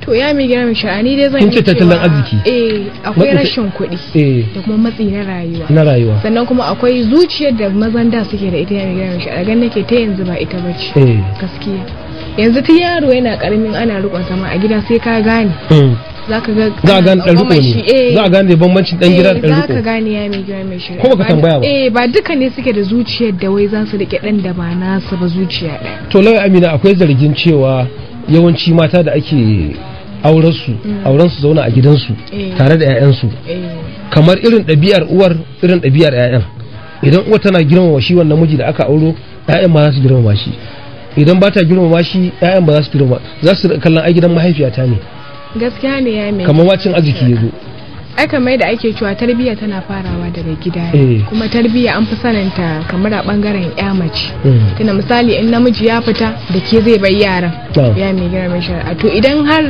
to ya mai gina mai sha'ani dai zan yi tattalin arziki eh akwai rashin kuɗi eh. da kuma matsi na rayuwa na rayuwa sannan kuma akwai zuciyar da mazan da suke da ita ya mai gina mai sha'ani gan nake ta yanzu ba ita ba ce eh. gaskiya yanzu tun yaro yana karamin ana rikon sama a gida sai ka gane hmm. za ka ga gane dan riko ne eh. za a gane bambancin dan gida da dan riko eh, za ka gane ya mai gida mai shirya ko baka tambaya ba eh ba duka ne suke da zuciyar da wai za su rike dan da ba nasu ba zuciya ɗaya to lai amina akwai zargin cewa yawanci mata da ake aurensu hmm. aurensu zauna a gidansu eh. tare da 'ya'yansu kamar irin ɗabi'ar uwar irin ɗabi'ar 'ya'yan idan uwar tana girmama shi wannan miji da aka auro 'ya'yan ma za su girmama shi idan ba ta girmama shi ƴaƴan ba za su girma za su kallon ai gidan mahaifiyata ne gaskiya ne ya mai kamar wacin arziki ya zo ai kamar da ake cewa tarbiyya tana farawa daga gida eh. kuma tarbiyya an fi sananta kamar a bangaren ya mace mm. tana misali in namiji ya fita da ke zai bai yaran ya mai girma shara to idan har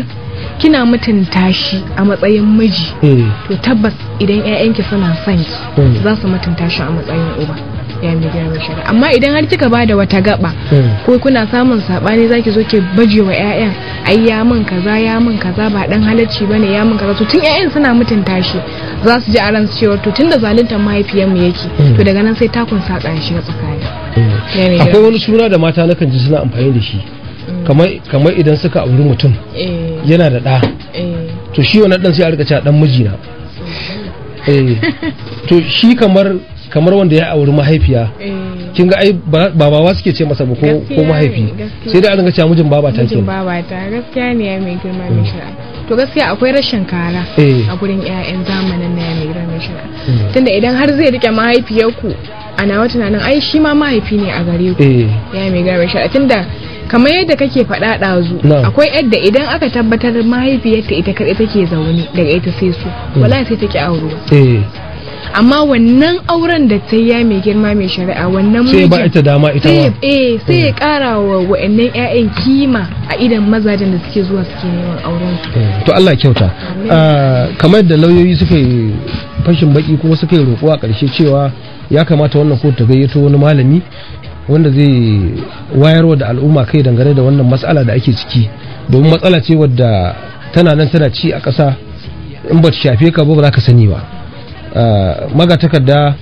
kina mutunta shi a matsayin miji eh. to tabbas idan 'ya'yanki suna son ki mm. za su mutunta shi a matsayin uba gaskiya amma idan har kika bada wata gaba hmm. ko kuna samun sabani zaki zo ke baje wa ƴaƴan ai ya min kaza ya min kaza ba dan halacci bane ya min kaza to tun ƴaƴan suna mutunta shi za su ji a ran cewa to tunda zaluntar mahaifiyar mu yake hmm. to daga nan sai takun sakan shi na tsakani hmm. akwai wani suna da mata nakan ji suna amfani da shi kamar idan suka auri mutum eh. yana da ɗa eh. to shi wannan dan sai a rika cewa ɗan mijina oh, eh. to shi kamar kamar wanda ya auri mahaifiya eh. kin ga ai ba babawa suke ce masa ba ko mahaifi sai dai a ringa cewa mijin baba ta ke mijin baba ta gaskiya ne ya mai girma mai hmm. shara to gaskiya akwai rashin kara eh. a gurin iyayen zamanin na ya mai girma mai shara hmm. tunda idan har zai rike ku ana wata tunanin ai shi ma mahaifi ne a gare ku eh. ya mai girma mai shara tunda kamar yadda kake faɗa ɗazu akwai yadda idan aka tabbatar mahaifiyarta ita kaɗai take zaune daga ita sai su hmm. wala sai take aurewa amma wannan auren da ta yi mai girma mai shari'a wannan mijin sai ba ita dama ita ba eh, eh sai ya kara mm. wa wa'annan ƴaƴan kima a idan mazajen da suke zuwa suke neman auren mm. to Allah kyauta ah, kamar da lauyoyi suka yi fashin baki kuma suka yi roƙo a ƙarshe cewa ya kamata wannan kotu ta gayyato wani malami wanda zai wayarwa da al'umma kai dangane da wannan matsala da ake ciki domin matsala ce wadda tana nan tana ci a ƙasa in ba ta shafe ka ba ba za ka sani ba Eh, magatakarda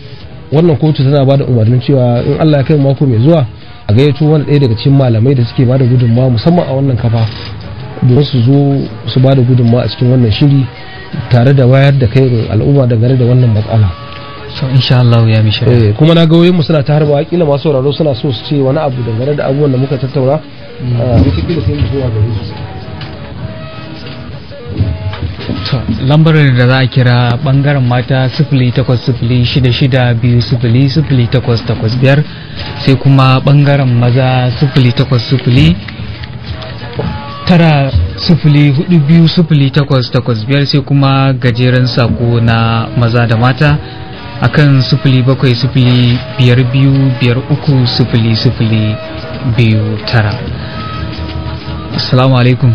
wannan kotu tana ba da umarnin cewa in Allah ya kai mako mai zuwa a gayyato wani ɗaya daga cikin malamai da suke ba da gudunmawa musamman a wannan kafa domin su zo su ba da gudunmawa a cikin wannan shiri tare da wayar da kai al'umma dangane da wannan matsala so insha Allah ya mishi eh kuma na ga wayoyin mu suna ta harba kila masu sauraro suna so su ce wani abu dangane da abubuwan da muka tattauna a cikin da sai mu zuwa gare su lambarin da za a kira bangaren mata sifili takwas sifili shida shida biyu takwas takwas biyar sai kuma bangaren maza sifili takwas tara sifili hudu biyu sifili takwas takwas biyar sai kuma gajeren sako na maza da mata akan sifili bakwai sifili biyar biyu biyar uku sifili sifili biyu tara asalamu alaikum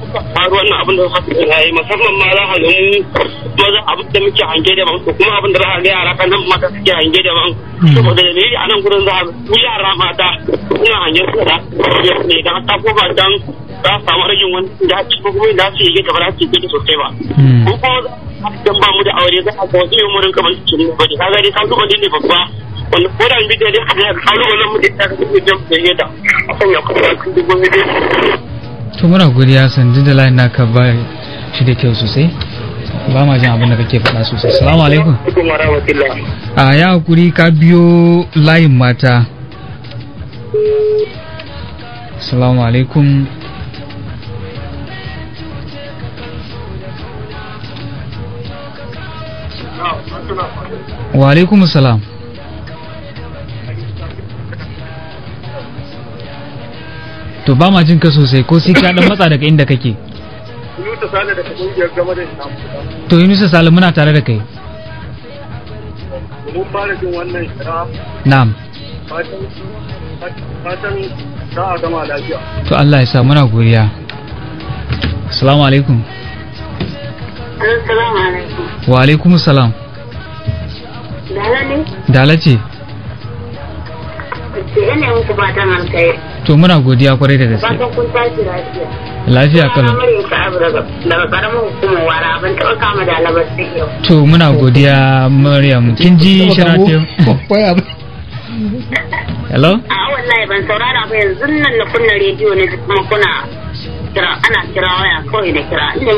faru wannan abin da haka yayi musamman ma za a ga mu abin da muke hange da ban kuma abin da za ga yara kan nan mata suke hange da ban hmm. saboda da a nan gurin za yara mata hange su da ne da ta dan za samu wani da ko kuma da su yi gaba da su yi sosai ba hmm. ko dan ba mu da aure za ka ga wasu murin kamar su ne ba ka ga ka zuba ne babba wanda ko da an bi da wannan mutum ta da a kan kuma dubu to muna godiya sanji da layin naka ba shi da kyau sosai ba ma jin abin da kake faɗa sosai salamu alaikum a ya hakuri ka biyo layin mata salamu alaikum wa alaikum salam to ba ma jin ka sosai ko sai ka dan matsa daga inda kake Yunusa Sale daga kungiyar Sale muna tare da kai mun a gama lafiya to Allah ya sa muna godiya assalamu alaikum wa alaikum salam dala ne dala ce to muna godiya kwarai da gaske fatan kun lafiya lafiya karamin hukumar wara ban to muna godiya maryam kin ji sharatu hello a wallahi ban saurara ba yanzu nan na kunna rediyo ne kuma kuna kira ana kira waya kawai da kira inda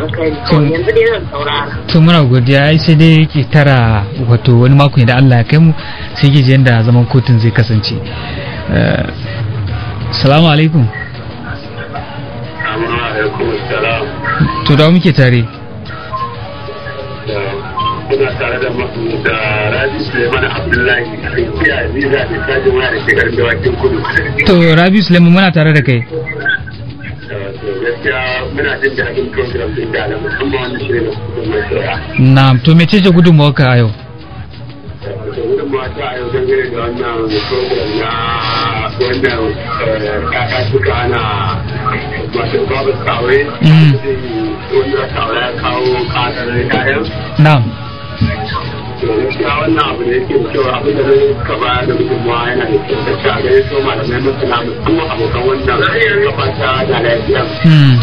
alkhairi kawai yanzu dai zan saurara. to muna godiya ai sai dai ki tara wato wani mako da Allah ya kai mu sai ki ji zaman kotun zai kasance. salamu alaikum. to da muke tare. Rabi Suleiman Abdullahi a Aziza da Sajin Wari da Garin Dawakin Kudu. To Rabi Suleiman muna tare da kai. gaskiya muna jin daɗin program da musamman wani shirin Na. mai Na. to me ce gudunmawar ka a yau? ta a yau dangane da wannan program na wannan kaka eh, suka ana wato babu mm. Wanda ya kawo ƙasar kayan. Na gaskiya wannan abu da yake cewa abu da zai ba da gudunmawa yana da kyau gaskiya ga malamai abokan wannan gabata da lafiya. Hmm.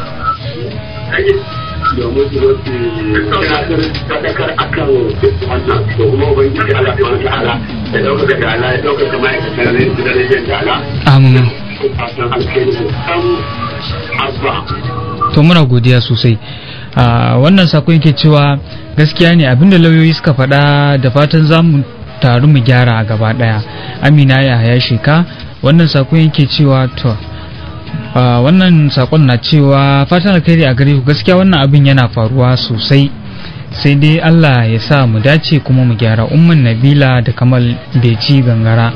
domin su zo su gabatar wannan da kuma ubangiji ta ala da da ala ya su da rajin da ala. Amin. To muna godiya sosai. wannan sakon yake cewa gaskiya ne abinda lauyoyi suka faɗa da fatan za mu taru mu gyara gaba ɗaya amina ya haya sheka wannan sakon yake cewa to wannan sakon na cewa fatan alkhairi a gare ku gaskiya wannan abin yana faruwa sosai sai dai Allah ya sa mu dace kuma mu gyara umman Nabila da Kamal Beci gangara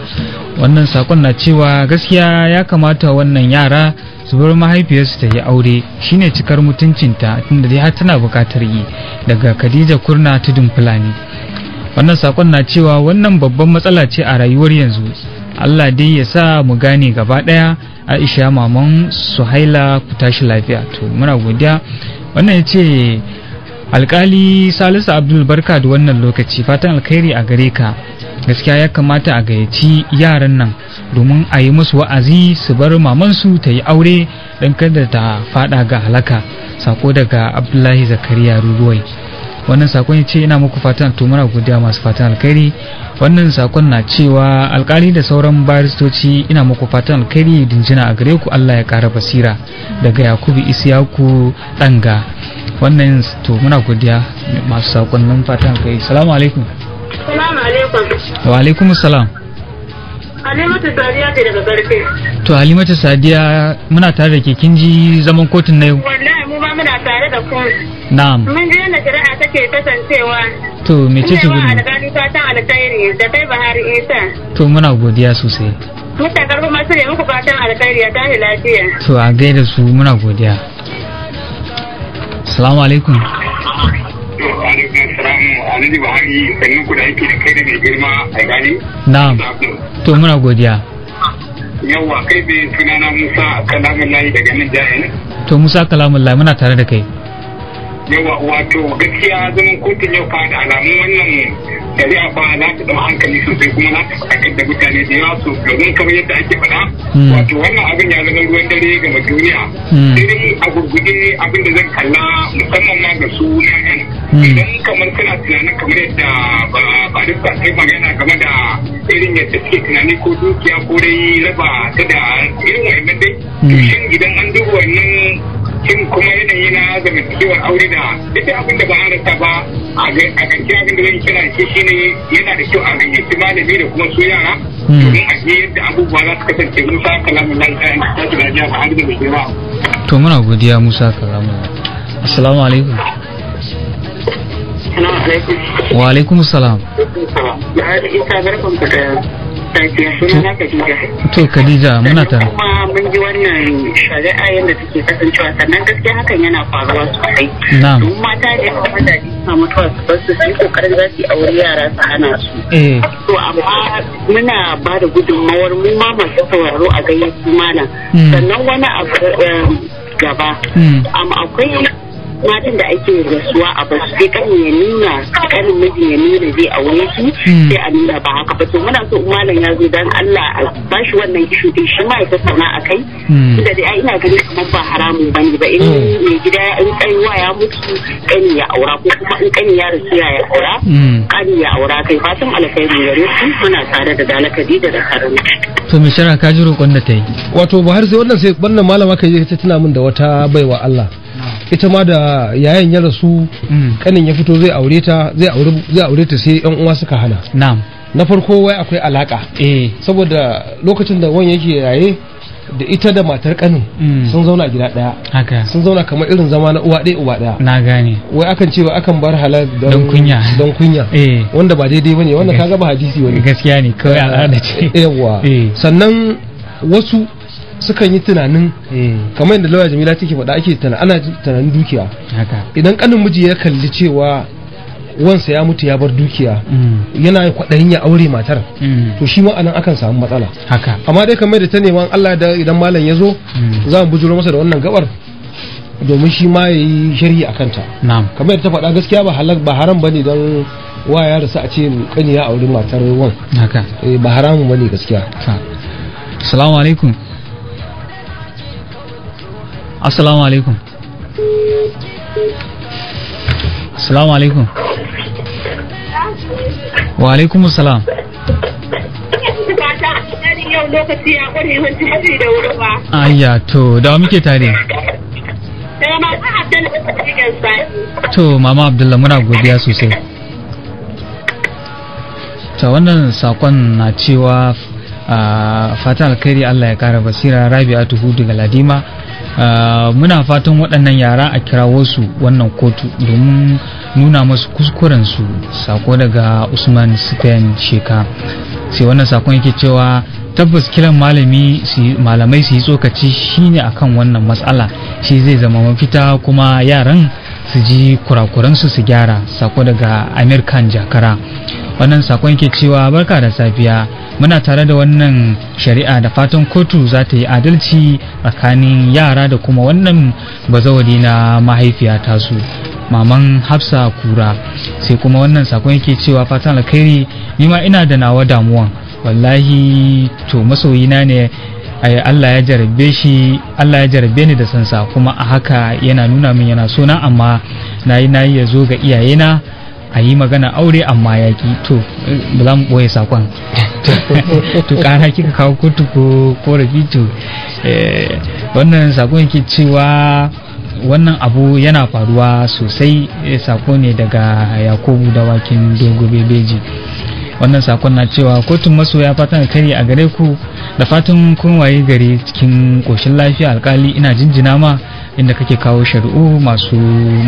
wannan sakon na cewa gaskiya ya kamata wannan yara su bar mahaifiyarsu ta yi aure shine cikar mutuncinta tunda dai har tana bukatar yi daga khadija kurna tudun fulani wannan sakon na cewa wannan babban matsala ce a rayuwar yanzu allah dai ya sa mu gane gaba daya aisha maman suhaila ku tashi lafiya to muna godiya wannan ya ce alkali salisu abdul barka da wannan lokaci fatan alkhairi a gare ka gaskiya ya kamata a gayyaci yaran nan domin a yi musu wa'azi su bar mamansu ta yi aure don kada ta fada ga halaka sako daga abdullahi zakariya ruruwai wannan sakon ce ina muku fatan to muna godiya masu fatan alkhairi wannan sakon na cewa alkali da sauran baristoci ina muku fatan alkhairi dinjina a gare ku Allah ya kara basira daga Yakubu Isiyaku danga wannan to muna godiya masu sakon nan fatan alkhairi salamu alaikum wa alaikum salam halimatu sadiya ce daga garfe to halimatu sadiya muna tare da ke kin ji zaman kotun na yau wallahi mu ba muna tare da ku na'am mun ji yana shari'a take kasancewa to me ce ce gudu alƙali fatan alƙairi da kai bahari isa to muna godiya sosai mutan karfi masu ne muku fatan alƙairi ya tashi lafiya to a gaida su muna godiya Salamu alaikum alhaji buhari sannan ku da aiki da kai da mai girma alkali na'am to muna godiya yawwa kai bai sunana musa kalamun layi daga nan jihar to musa kalamun layi muna tare da kai yawa wato gaskiya zaman kotun yau fa da alamun wannan shari'a fa za ta dau hankali sosai kuma za ta fakar da mutane da yawa so domin kamar yadda ake faɗa hmm. wato wannan abin ya zama ruwan dare ga duniya hmm. sai a gurgudi abin da zan kalla musamman ma ga su 'ya'yan Hmm. idan kamar kana tunanin kamar yadda ba duk ba sai magana game da irin yadda suke tunani ko dukiya ko dai raba ta da irin wannan dai to hmm. shin idan an duba wannan shin kuma yanayi na zamantakewar aure da duk abin da ba an rasa ba a ƙarshe abin da zan kira shi shine yana da kyau a gayyaci malami da kuma su yara hmm. domin a yadda abubuwa za su kasance musa kalamun nan kayan da ta ba har da mai jira. to muna godiya musa kalamun assalamu alaikum wa alaikum salam to Khadija muna ta kuma mun ji wannan shari'a yadda take kasancewa sannan gaskiya hakan yana faruwa sosai na'am don mata da yawa mazaje suna mutuwa su bar su su kokarin za su yi aure yara su hana su eh to amma muna ba da gudunmawar mu ma masu sauraro a gayyaci mana sannan wani abu eh, gaba hmm. amma akwai matan da ake rasuwa a basu sai kan ya nuna kan mijin ya nuna zai wani su hmm. sai a nuna ba haka ba to muna so malam ya zo dan Allah a bashi wannan ishu din shi ma ya tattauna a kai hmm. da dai ina ganin kamar ba haramun bane ba in ne hmm. gida in kaiwa ya mutu kani ya aura ko kuma in kani ya rasu ya aura kani ya aura kai fatan alkhairi gare su muna tare da dalakadi da karami to mai shara ka ji roƙon da ta yi wato har sai wannan sai wannan malama kai ta tana min da wata baiwa Allah ita ma da yayan ya rasu mm. kanin ya fito zai aure ta zai aure zai aure ta sai yan uwa suka hana na'am na farko wai akwai alaka eh saboda lokacin da wani yake yaye da ita da matar kanin mm. sun zauna gida daya haka sun zauna kamar irin zama na uwa ɗaya uba ɗaya na gane wai akan cewa akan bar halal don kunya don kunya eh wanda ba daidai bane wanda kaga ba hadisi wani gaskiya ne kawai al'ada ce yawa eh. sannan wasu sukan yi tunanin hmm. kamar yadda lawa jamila take faɗa ake ana tunanin dukiya idan kanin miji ya kalli cewa wansa ya mutu ya bar dukiya hmm. yana kwaɗayin ya aure matar hmm. to shi ma akan samu matsala amma dai kamar da ta neman Allah da idan malam ya zo za mu bujuro masa da wannan gabar domin shi ma ya yi shari'i a kanta kamar yadda ta faɗa gaskiya ba halak ba haram ne don wa ya rasu a ce kani ya aure matar wan eh, ba haramun ne gaskiya assalamu assalamu alaikum assalamu alaikum wa alaikum assalam Ayya to da muke tare. To mama Abdullah muna godiya sosai. Ta wannan sakon na cewa ah, fatan alkhairi Allah ya kara basira tuhu daga Ladima. Ah, muna fatan waɗannan yara a kirawo su wannan kotu domin nuna masu kuskurensu sako daga usman stein sheka sai wannan sakon yake cewa tabbas kiran malamai su yi tsokaci shine akan wannan matsala shi zai zama mafita kuma yaran su ji kurakuransu su gyara sako daga amir jakara wannan sakon yake cewa barka da safiya muna tare da wannan shari'a da fatan kotu za ta yi adalci tsakanin yara da kuma wannan bazawari na mahaifiya su. maman hafsa kura sai kuma wannan sakon yake cewa fatan alkhairi nima ina da nawa damuwa. wallahi to masoyina ne Allah ya jarabe shi Allah ya jarabe ni da sansa kuma a haka yana nuna min yana sona amma nayi nayi ya zo ga iyayena a yi magana aure amma ya ki to ba za mu ɓoye sakon to ƙara kika kawo kotu ko ƙorafi to eh, wannan sakon yake cewa wannan abu yana faruwa sosai eh, sako ne daga yakubu da wakin dogo bebeji wannan sakon na cewa kotun maso ya fatan kari a gare ku da fatan kun waye gari cikin koshin lafiya alkali ina jinjina ma inda kake kawo shari'u masu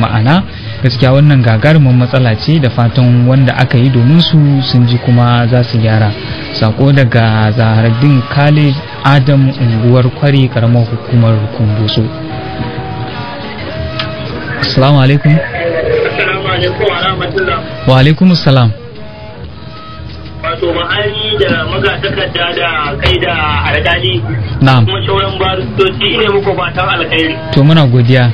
ma'ana gaskiya wannan gagarumin matsala ce da fatan wanda aka yi domin su sun ji kuma za su gyara sako daga zaharaddin khalid adam unguwar kwari karamar hukumar kumbusu assalamu alaikum wa alaikum salam wato ma'ani da magatakarda da kai da alƙali na'am kuma shauran baristoci ne muku fatan alkhairi to muna godiya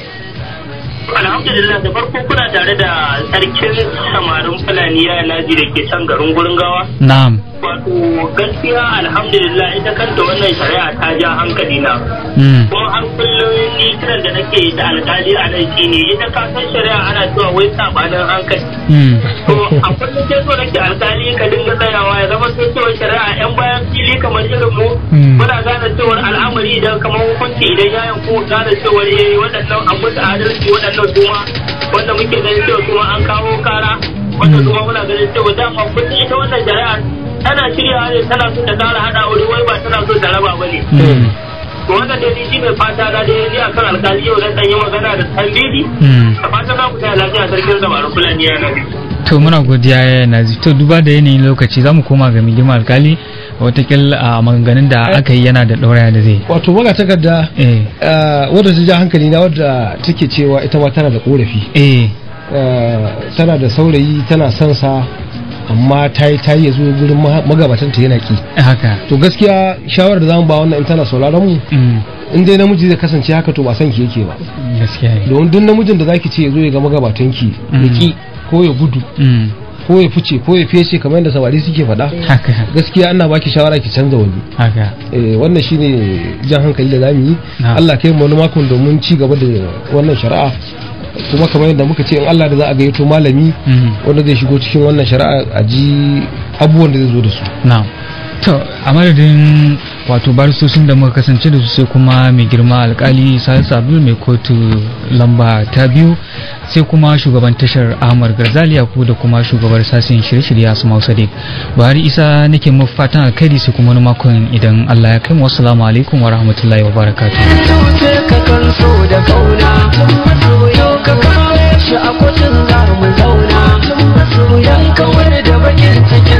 alhamdulillah da farko kuna tare da sarkin samarin fulani ya laji da ke can garin gurin gawa na'am wato gaskiya alhamdulillah ita kanta wannan shari'a ta ja hankali na hmm. ko har kullum ni kiran da nake da alkali a nan shine ita ka san shari'a ana cewa wai sabanin hankali hmm. to a kullum sai so nake alkali ka dinga tsayawa ya zama sai cewa shari'a yan bayan fili kamar irin mu hmm. muna gane cewa al'amari idan kamar hukunci idan ya yanku gane cewa eh waɗannan an adalci waɗannan kuma wanda muke ganin cewa kuma an kawo kara wanda kuma muna ganin cewa dama kun ita wannan shari'a tana shiryawa ne tana so ta tsara hada wuri wai ba tana so ta raba ba ne hmm. wannan da shi mai fata na da yanzu akan alkali yau dan yi magana da tambidi. Hmm. a fata za ku ta lafiya sarkin dabarun fulani yana to muna godiya ya eh, nazi to duba da yanayin lokaci za mu koma ga migima alkali watakil a maganganun da eh. aka yi yana da ɗauraya da zai wato maga takarda eh. wadda ta ja hankali na wadda take cewa ita ma tana da korafi tana da saurayi tana son sa amma ta yi ta yi zo gurin magabatan ta yana ki haka to gaskiya shawarar da zamu ba wannan in tana sauraron mu mm. in dai namiji zai kasance haka to ba san ki yake ba gaskiya domin duk namijin da zaki ce ya zo ya ga magabatan ki ki mm. ko ya gudu mm. ko ya fice ko ya fece kamar yadda sabari suke faɗa gaskiya ana baki shawara ki canza wani eh, wannan shine jan hankali da zamu yi Allah kai mu wani makon domin ci gaba da wannan shari'a kuma kamar yadda muka ce in Allah da za a gayyato malami mhm. wanda zai shigo cikin wannan shari'a a ji abubuwan da zai zo da su na'am to a madadin wato baristocin da muka kasance da su sai kuma mai girma alkali salisu abdul mai kotu lamba ta biyu sai kuma shugaban tashar ahmar garzali ko da kuma shugabar sasin shirye-shirye su sadiq buhari isa nake mafi fatan alkhairi sai kuma makon idan allah ya kai wasu alaikum wa rahmatullahi wa barakatu ka kawar da bakin